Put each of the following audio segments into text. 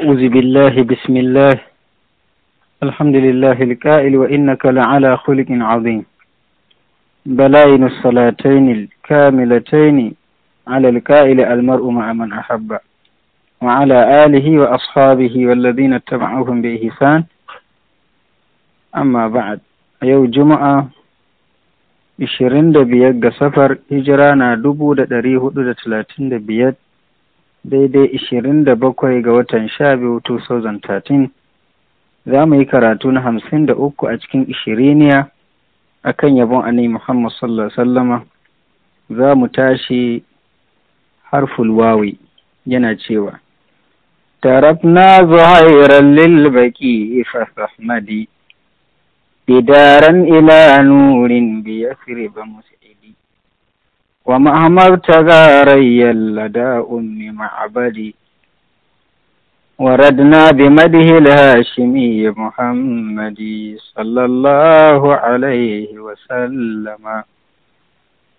أعوذ بالله بسم الله الحمد لله الكائل وإنك لعلى خلق عظيم بلاين الصلاتين الكاملتين على الكائل المرء مع من أحب وعلى آله وأصحابه والذين اتبعوهم بإحسان أما بعد يوم جمعة 25 ga safar hijira na دبيت daidai ishirin da bakwai ga watan sha biyu 2013 za mu yi karatu na hamsin da uku a cikin ishiriniya a kan yabon annabi muhammad sallallahu alaihi sallama za mu tashi harful wawi yana cewa تركنا زهيرا للبكي فاستحمدي بدارا إلى نور بيثرب مسعدي ومهما ابتغى ري لدى أم معبد وردنا بمده الهاشمي محمد صلى الله عليه وسلم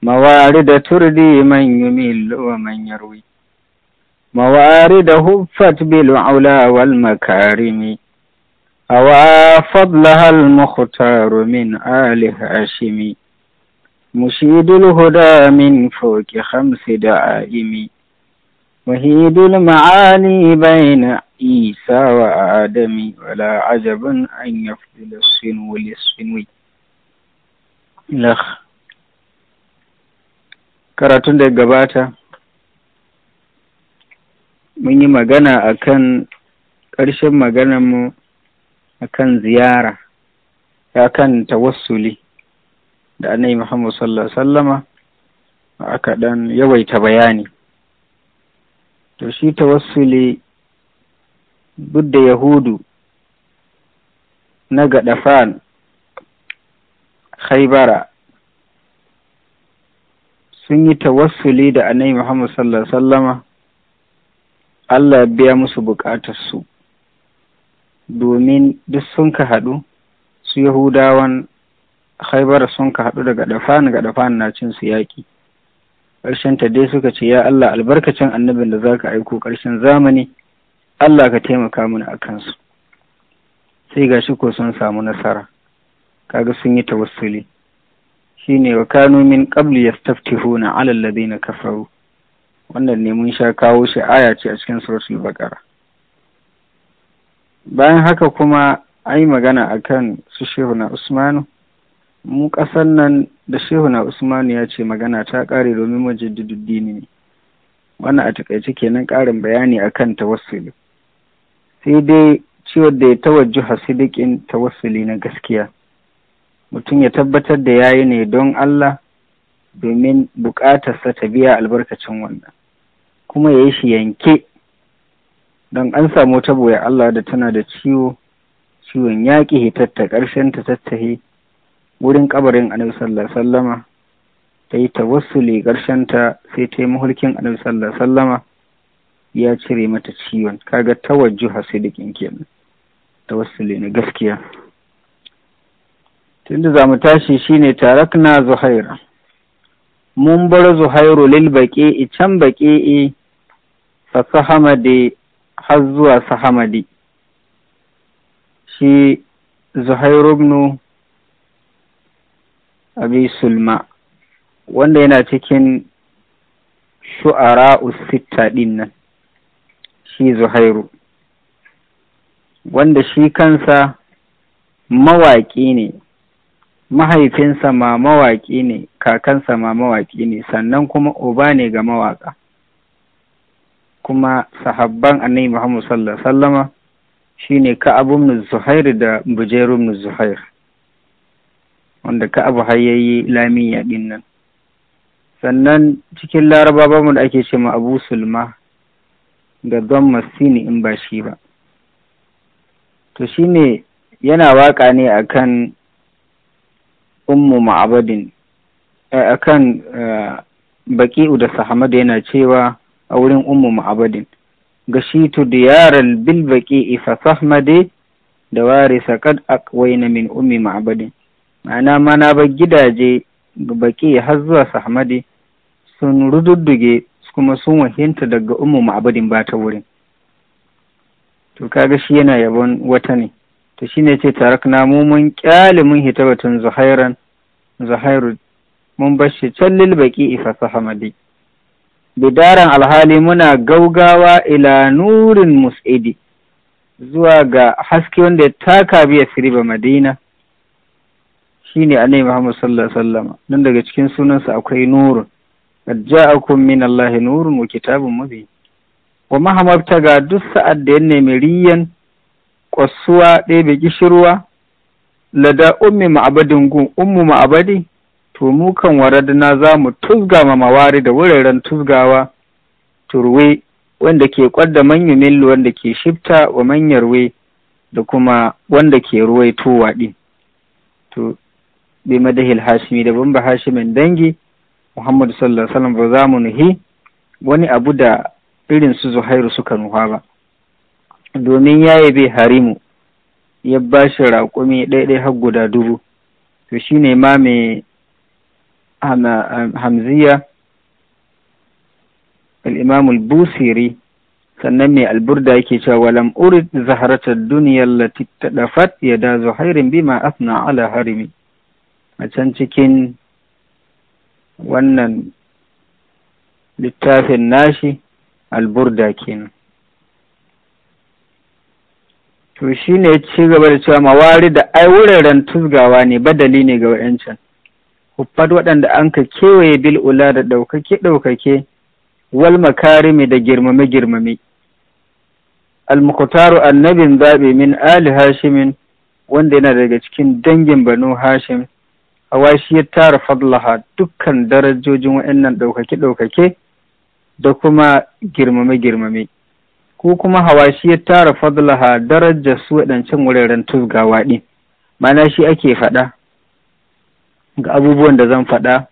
موارد تردي من يميل ومن يروي موارد هفت بالعلا والمكارم أوى فضلها المختار من آل هاشم مشيد الهدى من فوق خمس دعائم مهيد المعالي بين عيسى وآدم ولا عجب أن يفضل الصنو للصنو لخ karatun da gabata mun yi magana a kan ƙarshen maganarmu a kan ziyara ya kan tawassuli da annabi Muhammad sallallahu alaihi sallama aka dan yawaita bayani to shi tawassuli duk da yahudu na fan khaibara sun yi tawassuli da annabi Muhammad sallallahu alaihi sallama Allah ya biya musu bukatarsu domin duk sun ka haɗu su Yahudawan Khaibar sun ka haɗu daga da ga Gaɗafani na cin su yaƙi. ta dai suka ce, Ya Allah, albarkacin annabin da za ka aiko ƙarshen zamani, Allah ka taimaka mana a kansu. Sai ga shi ko sun samu nasara, kaga sun yi tawassuli. Shi ne wa kano min stafti na alallabi na kafaru. Wannan ne mun sha kawo shi aya ce a cikin suratul bakara Bayan haka kuma an yi magana akan su Shehu na Usmanu mu ƙasar nan da na usman ya ce magana ta ƙare domin majidduddini ne wannan a takaice kenan ƙarin bayani akan tawassuli sai dai ciwon da ya tawajjuha hasidikin tawassuli na gaskiya mutum ya tabbatar da yayi ne don Allah domin buƙatarsa ta biya albarkacin wannan kuma ya yi shi yanke don an samu ya Allah da tana da ciwo ciwon yaƙi hitatta ƙarshen ta tattahi wurin kabarin annabi sallallahu alaihi wasallama ta yi tawassuli ƙarshen ta sai ta yi mahulkin annabi sallallahu alaihi wasallama ya cire mata ciwon kaga tawajjuha sidikin kenan tawassuli na gaskiya tunda za mu tashi shine tarakna zuhaira mun bar zuhairu lil baqi'i can baqi'i fa sahamadi har zuwa sahamadi shi zuhairu ibn abi sulma wanda yana cikin shu'ara sitta ɗin nan shi zuhairu wanda shi kansa mawaƙi ne mahaifinsa ma mawaƙi ne kakansa ma mawaƙi ne sannan kuma uba ne ga mawaƙa kuma sahabban annabi Muhammadu Sallama shine ka abun zuhair da bujerun zuhair wanda ka'abu har yayi lamiya ɗin nan sannan cikin laraba mu da ake ce ma abu sulma da don masini in ba shi ba to shi ne yana waƙa ne akan ummu ma'abadin baki'u da sahamada yana cewa a wurin ummu ma'abadin gashitu diyaral bil baki'i fa sahmade da warisa kad na min ummi ma'abadin ma'ana ba gidaje baki har zuwa sahmadi sun rududduge kuma sun wahinta daga ummu ma'abadin ba ta wurin to kaga shi yana yabon wata ne to shi ne ce tarakna mu mun kyale mun hita batun zuhairan zuhairu mun bashi can lilbaki ifa sahamadi bidaran alhali muna gaugawa ila nurin mus'idi zuwa ga haske wanda ya taka biya siriba madina shine annabi Muhammad sallallahu alaihi wasallam nan daga cikin sunansa akwai nurun qad ja'akum min Allahi nurun wa kitabun mubin wa mahamabta ga duk sa'ad da ya nemi riyan kwasuwa ɗebe gishirwa lada ummi ma'abadin gun ummu ma'abadi to mu kan waradna za mu tuzga ma mawari da wuraren tuzgawa turwe wanda ke kwadda manyan wanda ke shifta wa manyarwe da kuma wanda ke ruwaitowa ɗin to bi madahil hashimi da bamba hashimin dangi Muhammadu sallallahu alaihi wasallam ba za mu nuhi wani abu da irin su Zuhairu suka nuha ba domin ya bai harimu ya ba shi raƙumi ɗaiɗai har guda dubu to shine ma mai hamziya al-imam al-busiri sannan mai alburda yake cewa walam urid zaharatar duniyar lati tadafat ya da zuhairin bima asna ala harimi a can cikin wannan littafin nashi alburda kenan to shi ne ci gaba da cewa mawari da ai wuraren tuzgawa ne badali ne ga wa'yancan huffat waɗanda an ka kewaye bil'ula da ɗaukake-ɗaukake wal makarimi da girmame-girmame al-mukhtaru annabin zaɓe min ali hashimin wanda yana daga cikin dangin banu hashim awa shi ya tara fadlaha dukkan darajojin wa'annan ɗaukake-ɗaukake da kuma girmame-girmame ko kuma hawa shi ya tara fadlaha darajar su waɗancan wuraren tuzgawa ɗin mana shi ake faɗa ga abubuwan da zan faɗa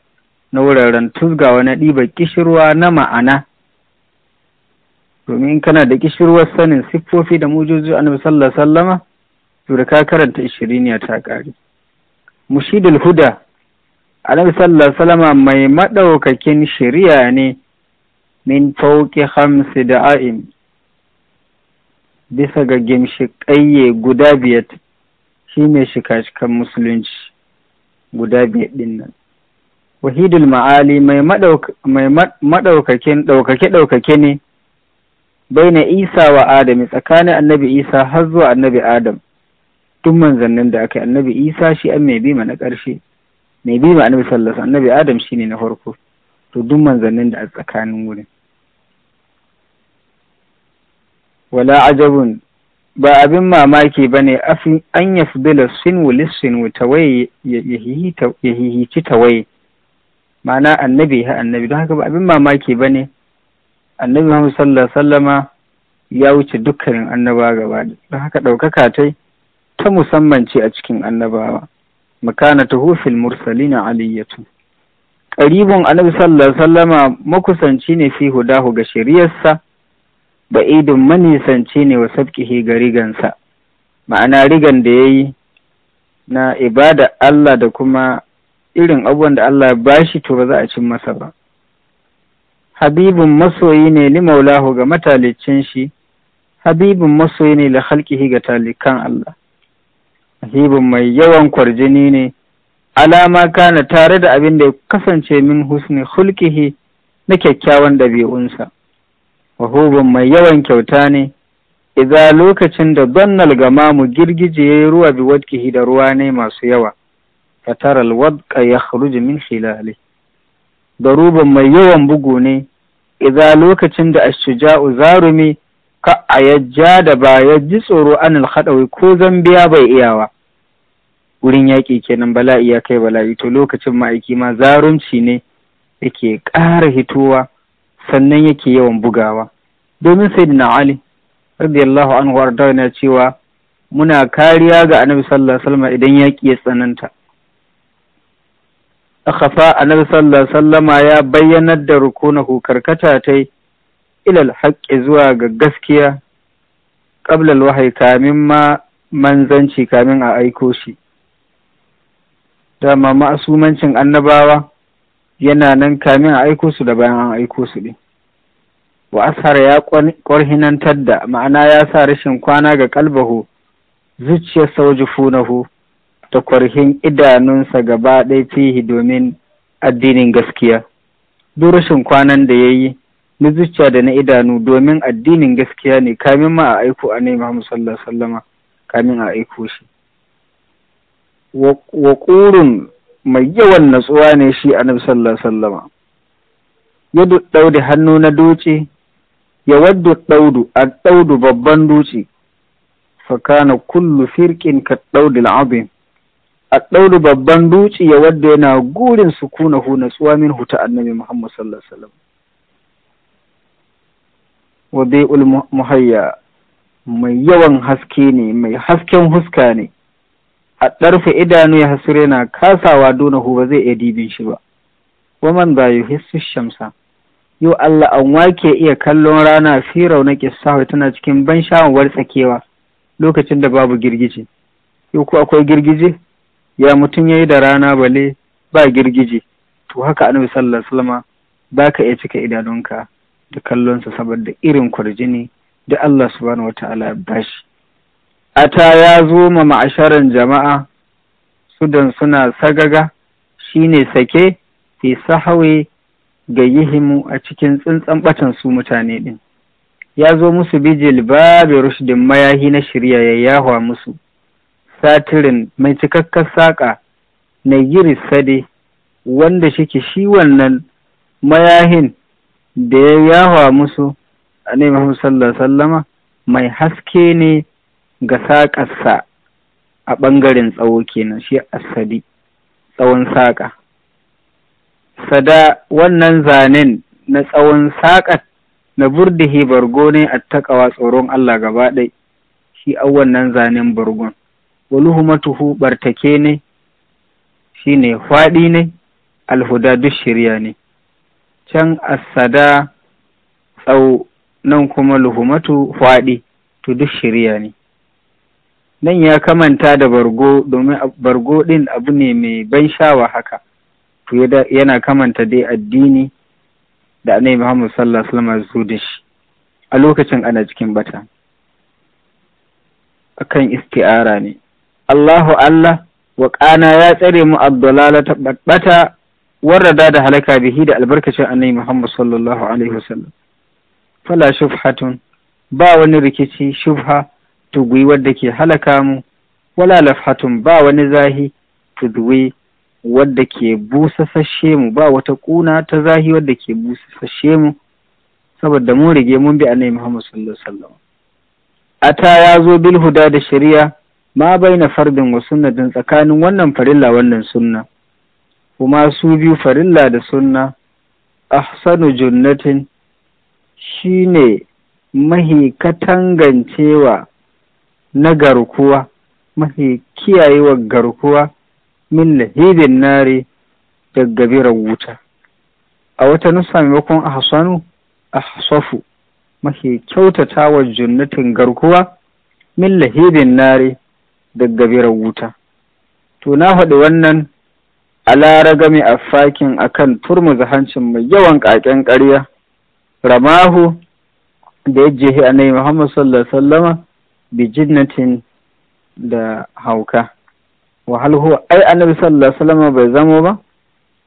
na wuraren tuzgawa na ɗiba ƙishirwa na ma'ana domin kana da kishirwar sanin siffofi da mujuzu annabi sallallahu alaihi sallama to da ka karanta ishiriniya ta ƙare mushidul huda annabi sallallahu salama mai maɗaukakin shiriya ne min fauki hamsi a'in bisa ga ƙayye guda biyar shi ne shika-shikan musulunci guda biyar ɗin nan wahidul ma'ali mai maɗaukakin ɗaukake-ɗaukake ne bai na isa wa adam tsakanin annabi isa har zuwa annabi adam duk manzannin da aka yi annabi isa shi an mai bima na ƙarshe mai bima annabi sallallahu annabi adam shi ne na farko to duk manzannin da a tsakanin wurin wala ajabun ba abin mamaki ba ne an ya fudula sinwu lissinwu waye ya hihici waye ma'ana annabi ha annabi don haka ba abin mamaki ba ne annabi muhammad sallallahu sallama ya wuce dukkanin annaba gaba don haka ɗaukaka tai ta musamman ce a cikin annabawa makana hufin mursali mursalina aliyatu Ƙaribin annabi sallallahu sallama makusanci ne fi hudahu ga shiriyarsa ba'idun manisanci ne wa sabqihi ga rigansa ma'ana rigan da ya yi, na ibada Allah da kuma irin abubuwan da Allah ba shi to ba za a cin masa ba. Habibin masoyi ne li maulahu ga matalicin shi, habibin masoyi ne li halkihi ga talikan Allah. hibin mai yawan kwarjini ne alama kana tare da abin da ya kasance min husni hulkihi na kyakkyawan ɗabi'unsa wahubin mai yawan kyauta ne idza lokacin da donnal mu girgije ya yi ruwa bi wadkihi da ruwa ne masu yawa fataral wadka ya min hilali da ruban mai yawan bugu ne idza lokacin da ashuja'u zarumi ka a yajja da ba ya ji tsoro an haɗawi ko zambiya bai iyawa wurin yaƙi kenan bala'i ya kai bala'i to lokacin ma'aiki ma zarumci ne yake ƙara hitowa sannan yake yawan bugawa domin sai na ali radiyallahu anhu arda na cewa muna kariya ga annabi sallallahu alaihi wasallam idan yaƙi ya tsananta akhafa annabi sallallahu alaihi wasallama ya bayyanar da rukunahu karkata tai ilal haƙƙi zuwa ga gaskiya ƙablal wahai kamin ma manzanci kamin a aiko shi dama ma'asumancin annabawa yana nan kamin a aiko su da bayan an aiko su ne wa ashar ya ƙwarhinantar da ma'ana ya sa rashin kwana ga ƙalbahu, zuciyar sauji funahu da kwarhin idanunsa gaba ɗaya fihi domin addinin gaskiya duk rashin kwanan da ya yi na zuciya da na idanu domin addinin gaskiya ne kamin ma a aiko annabi Muhammad sallallahu alaihi wasallama kamin a aiko shi waƙurun mai yawan natsuwa ne shi annabi sallallahu alaihi wasallama ya daudi hannu na doce ya waddu ɗaudu a ɗaudu babban doce fakana kullu firkin ka ɗaudi al'azim a ɗaudu babban doce ya wadda yana gurin sukuna hu natsuwa min huta annabi muhammad sallallahu alaihi wadi'ul muhayya mai yawan haske ne mai hasken huska ne a ɗarfe idanu ya hasure na kasawa dunahu ba zai iya dibin shi ba waman ba yi hissu shamsa yau Allah an wake iya kallon rana fi raunake sahu tana cikin ban sha'awar tsakewa lokacin da babu girgije yau ko akwai girgije ya mutum yayi da rana bale ba girgije to haka annabi sallallahu alaihi wasallama baka iya cika idanunka da kallonsa saboda irin kwarjini da Allah subhanahu wa ta'ala ya bashi ata ya zo ma ma'asharan jama'a sudan suna sagaga ne sake fi sahawe ga yihimu a cikin tsintsan batan su mutane din ya zo musu bijil babu rushdin mayahi na shirya ya yahwa musu satirin mai cikakkar saƙa na yiri sade wanda shike shi wannan mayahin da ya yawa musu a Muhammad Sallar sallama mai haske ne ga saƙarsa a ɓangaren tsawo kenan shi asadi tsawon saƙa sada wannan zanen na tsawon saƙar na burdihi bargo ne a taƙawa tsoron Allah gaba ɗai shi an wannan zanen bargon waluhumatuhu ɓartake ne shi ne faɗi ne alhuda duk shirya ne can asada tsau nan kuma luhumatu faɗi to duk shirya ne nan ya kamanta da bargo domin bargo ɗin abu ne mai ban sha'awa haka to yana kamanta dai addini da annabi Muhammad sallallahu alaihi wasallam zuwa shi a lokacin ana cikin bata akan isti'ara ne Allahu Allah wa ya tsare mu abdulala ta warrada da halaka bihi da albarkacin annabi Muhammad sallallahu alaihi wasallam fala shubhatun ba wani rikici shubha tugwi wadda ke halaka mu wala lafhatun ba wani zahi duwe wadda ke busasashe mu ba wata kuna ta zahi wadda ke busasashe mu saboda mun rige mun bi annabi Muhammad sallallahu alaihi wasallam ata ya zo bil huda da shari'a ma baina fardin wa sunnatin tsakanin wannan farilla wannan sunna kuma su biyu farilla da sunna ahsanu junnatin shine mahi katangancewa na garkuwa mahi kiyayewa garkuwa min lahibin nari daga biran wuta a wata nusa maimakon ahsanu ahsafu mahi kyautatawa junnatin garkuwa min lahibin nari daga biran wuta to na faɗi wannan a ragami a kan turmu hancin mai yawan ƙaƙen ƙarya ramahu da ya jehi annabi Muhammad sallallahu Sallar wasallama bi da hauka wa ai annabi sallallahu bai zamo ba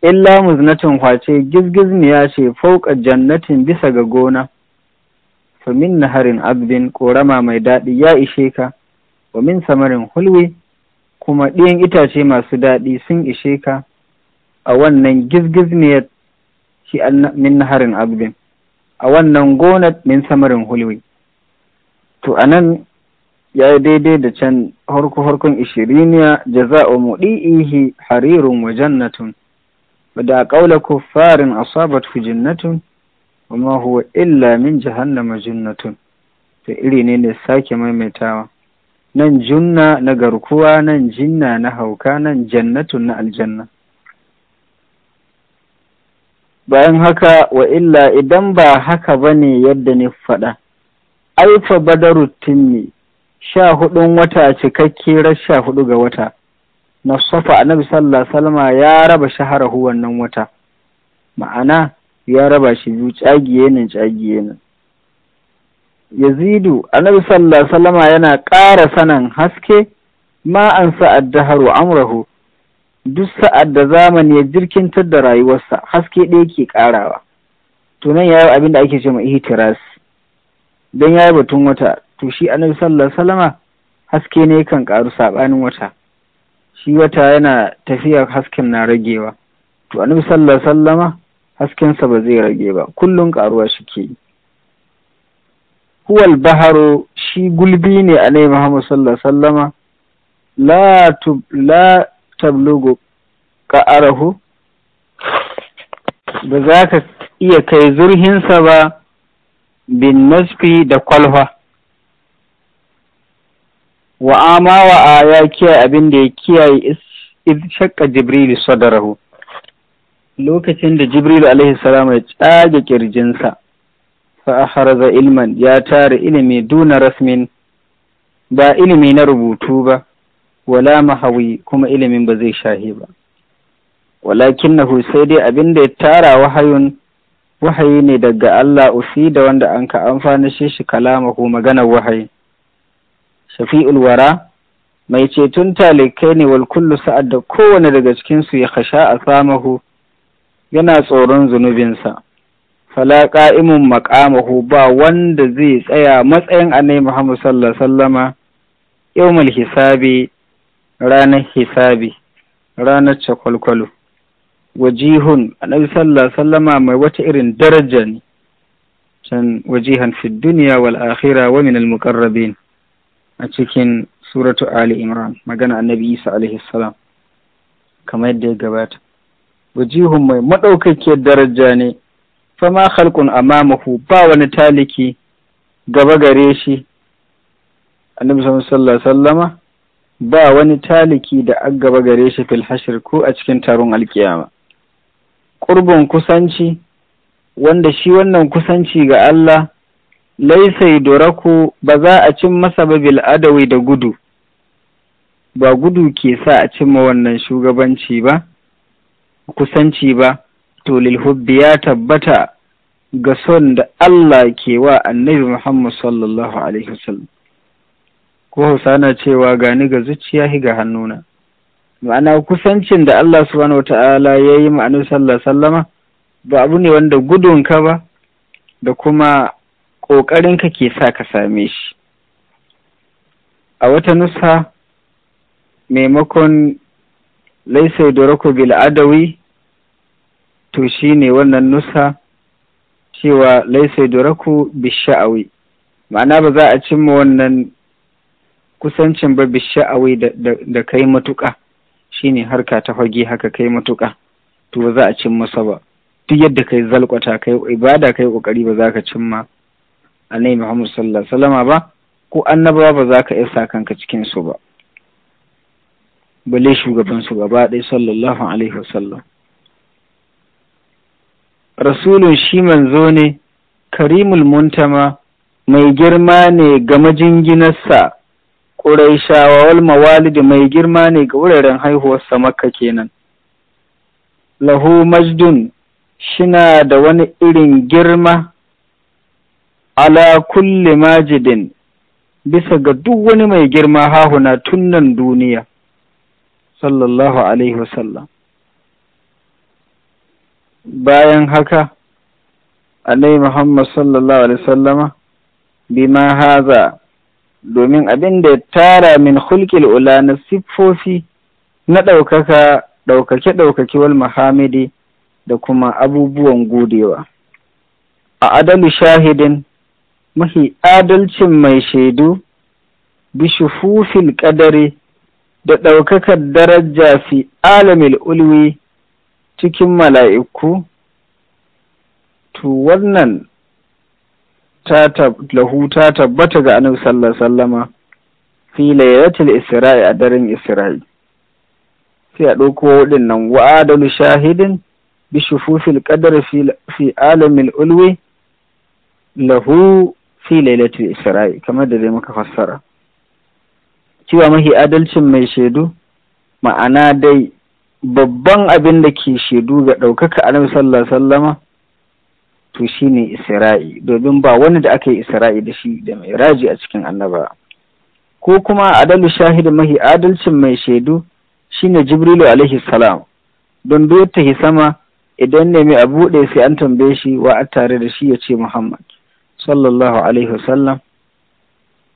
illa muznatin kwace gizgizniya ce fauka jannatin bisa ga gona fa min naharin abdin korama mai daɗi ya ishe ka wa min samarin hulwi kuma ɗiyan itace masu daɗi sun ishe ka a wannan gizgizniyar shi min harin abdin a wannan gonar min samarin hulwi to a nan ya yi daidai da can harko-harkon ishiriniya jaza'u haririn harirun wa jannatun da a ƙaula kuffarin asabat jinnatun wa ma huwa illa min jahannama jinnatun to iri ne da sake maimaitawa nan junna na garkuwa nan jinna na hauka nan Jannatu na aljanna bayan haka wa illa idan ba haka ba ne yadda ni faɗa Alfa badaru timmi sha hudun wata cikakke sha hudu ga wata na sofa annabi sallallahu salma ya raba shaharahu wannan wata ma'ana ya raba shi biyu tsagiye nan tsagiye nan yazidu annabi sallallahu alaihi yana ƙara sanin haske ma an sa'ad daharu amrahu duk sa'ad da zamani ya jirkintar da rayuwarsa haske ɗaya ke ƙarawa tunan ya yi abin da ake cewa ihtiras don ya yi batun wata to shi annabi sallallahu alaihi haske ne kan ƙaru saɓanin wata shi wata yana tafiya hasken na ragewa to annabi sallallahu alaihi haskensa ba zai rage ba kullum ƙaruwa shi ke yi huwal baharu shi gulbi ne a nai Muhammad sallallahu sallama la tub la tablugu ka'arahu ba za ka iya kai zurhinsa ba bin nasfi da kwalfa wa ama wa a ya kiyaye abin da ya kiyaye shakka jibril sadarahu lokacin da jibril alaihi salama ya tsage kirjinsa fa'aharaza ilman ya tara ilimi duna rasmin ba ilimi na rubutu ba wala mahawi kuma ilimin ba zai shahi ba walakin na sai dai abin da ya tara wahayun wahayi ne daga Allah usi da wanda an ka amfani shi shi kalama maganar wahayi shafi'ul wara mai ceton talikai ne wal kullu sa'ad da kowane daga cikinsu ya kasha a samahu yana tsoron zunubinsa fala imin maqamahu ba wanda zai tsaya matsayin annabi Muhammad sallallahu alaihi wasallama yawmul hisabi ranar hisabi ranar cakwalkwalo wajihun annabi sallallahu alaihi wasallama mai wata irin daraja ne can wajihan fi duniya wal akhira wa min al muqarrabin a cikin suratu ali imran magana annabi isa alaihi salam kamar yadda ya gabata wajihun mai madaukakiyar daraja ne fama khalqun amamahu ba wani taliki gaba gare shi annabi sallallahu alaihi sallama ba wani taliki da an gaba gare shi fil hashir ko a cikin taron alkiyama ƙurbin kusanci wanda shi wannan kusanci ga Allah laisai doraku ba za a cin masa ba adawi da gudu ba gudu ke sa a cimma wannan shugabanci ba kusanci ba to lil ya tabbata ga son da Allah ke wa annabi Muhammad sallallahu Alaihi wasallam. Ko Hausa na cewa gani ga zuciya ga hannuna. Ma'ana kusancin da Allah subhanahu wata'ala ya yi ma'anin sallar sallama ba abu ne wanda gudunka ba da kuma ƙoƙarinka ke sa ka same shi. A wata nusa maimakon laisai da bil adawi to shi ne wannan nusa cewa laisai duraku bisha'awi ma'ana ba za a cimma wannan kusancin ba bisha'awi da kai matuƙa shine harka ta fage haka kai matuƙa to ba za a cimma sa ba duk yadda kai zalkwata kai ibada kai kokari ba za ka cimma annabi Muhammad sallallahu alaihi wasallama ba ko annabawa ba za ka isa kanka cikin su ba balle shugaban su gaba ɗaya sallallahu alaihi wasallam rasulun shi manzo ne karimul muntama mai girma ne ga majinginarsa ƙuraishawa wal mawalidi mai girma ne ga wuraren haihuwarsa makka kenan lahu majdun shina da wani irin girma ala kulli majidin bisa ga duk wani mai girma hahuna tun duniya sallallahu alaihi wasallam bayan haka annabi Muhammad sallallahu alaihi sallama bima haza domin abin da ya tara min hulkil ula na siffofi na ɗaukaka ɗaukake ɗaukake wal muhammadi da kuma abubuwan godewa a adalu shahidin mahi adalcin mai shaidu bishufufin ƙadari da ɗaukakar daraja fi alamil ulwi cikin mala'iku to wannan lahu ta tabbata ga annabi sallallahu sallama fi isra'i a daren isra'i sai a ɗauko waɗannan wa'adalu shahidin bi shufufil ƙadar fi alamil ulwi lahu fi lailatul isra'i kamar da dai muka fassara cewa mahi adalcin mai shaidu ma'ana dai babban abin da ke shaidu ga ɗaukaka annabi sallallahu sallama to shi ne isra'i domin ba wani da aka yi isra'i da shi da mai raji a cikin annaba ko kuma adalu shahid mahi adalcin mai shaidu shi ne jibrilu alaihi salam don duk ta sama idan ne mai abu ɗaya sai an tambaye shi wa a tare da shi ya ce Muhammad sallallahu alaihi wasallam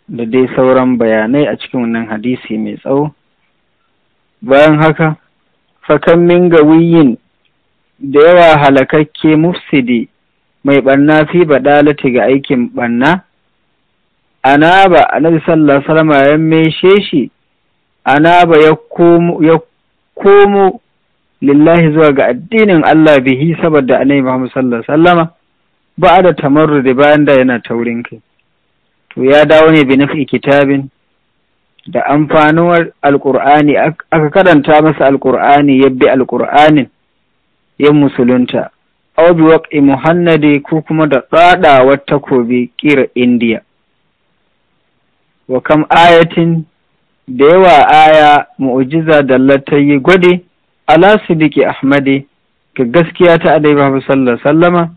da dai sauran bayanai a cikin wannan hadisi mai tsawo bayan haka fakan min gawiyin da yawa halakakke mufsidi mai ɓanna fi badalati ga aikin ɓanna ana ba annabi sallallahu alaihi wasallam ya meshe shi ana ba ya komo lillahi zuwa ga addinin Allah bihi saboda annabi Muhammad sallallahu alaihi wasallama ba da da bayan da yana taurin kai to ya dawo ne bi nafi kitabin da amfanuwar alƙur'ani aka karanta masa alkur'ani ya bi alƙur'anin ya musulunta aw bi muhannadi ko kuma da tsadawar takobi ƙira indiya wa kam ayatin da yawa aya mu'ujiza da yi gwade ala sidiki ahmadi ga gaskiya ta adai babu sallar sallama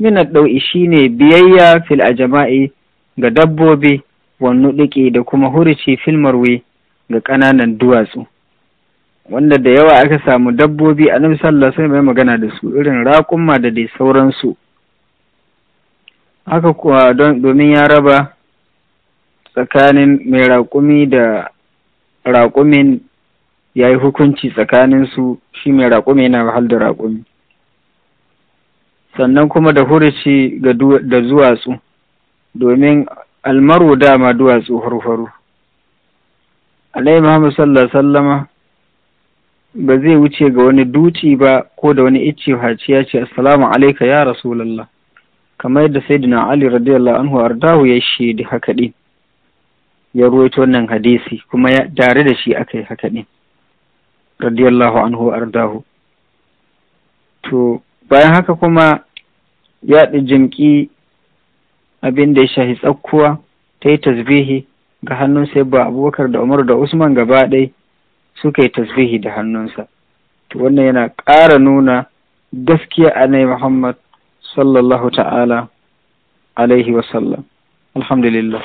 min ɗau'i shine biyayya fil ajama'i ga dabbobi Wannu wannuɗuƙi da kuma hurici filmar ga ƙananan duwatsu wanda da yawa aka samu dabbobi a nan sallah sai mai magana da su irin raƙumma da dai sauransu haka kuwa domin ya raba tsakanin mai raƙumi da raƙumin ya yi hukunci tsakaninsu shi mai raƙumi na wahal da raƙumi sannan kuma da hurici da duwatsu domin almaru dama duwatsu farfaru alai muhammad sallallahu sallama ba zai wuce ga wani duci ba ko da wani icce haci ya ce assalamu alaika ya rasulallah kamar yadda sayyidina ali radiyallahu anhu ardahu ya shaidi haka din ya ruwaito wannan hadisi kuma ya tare da shi aka yi haka din radiyallahu anhu ardahu to bayan haka kuma ya jimki abin da ya shahi tsakkuwa ta yi tasbihi ga hannun sai ba abubakar da Umaru da usman gaba ɗai suka yi tasbihi da hannunsa to wannan yana ƙara nuna gaskiya a nai muhammad sallallahu ta'ala alaihi wasallam alhamdulillah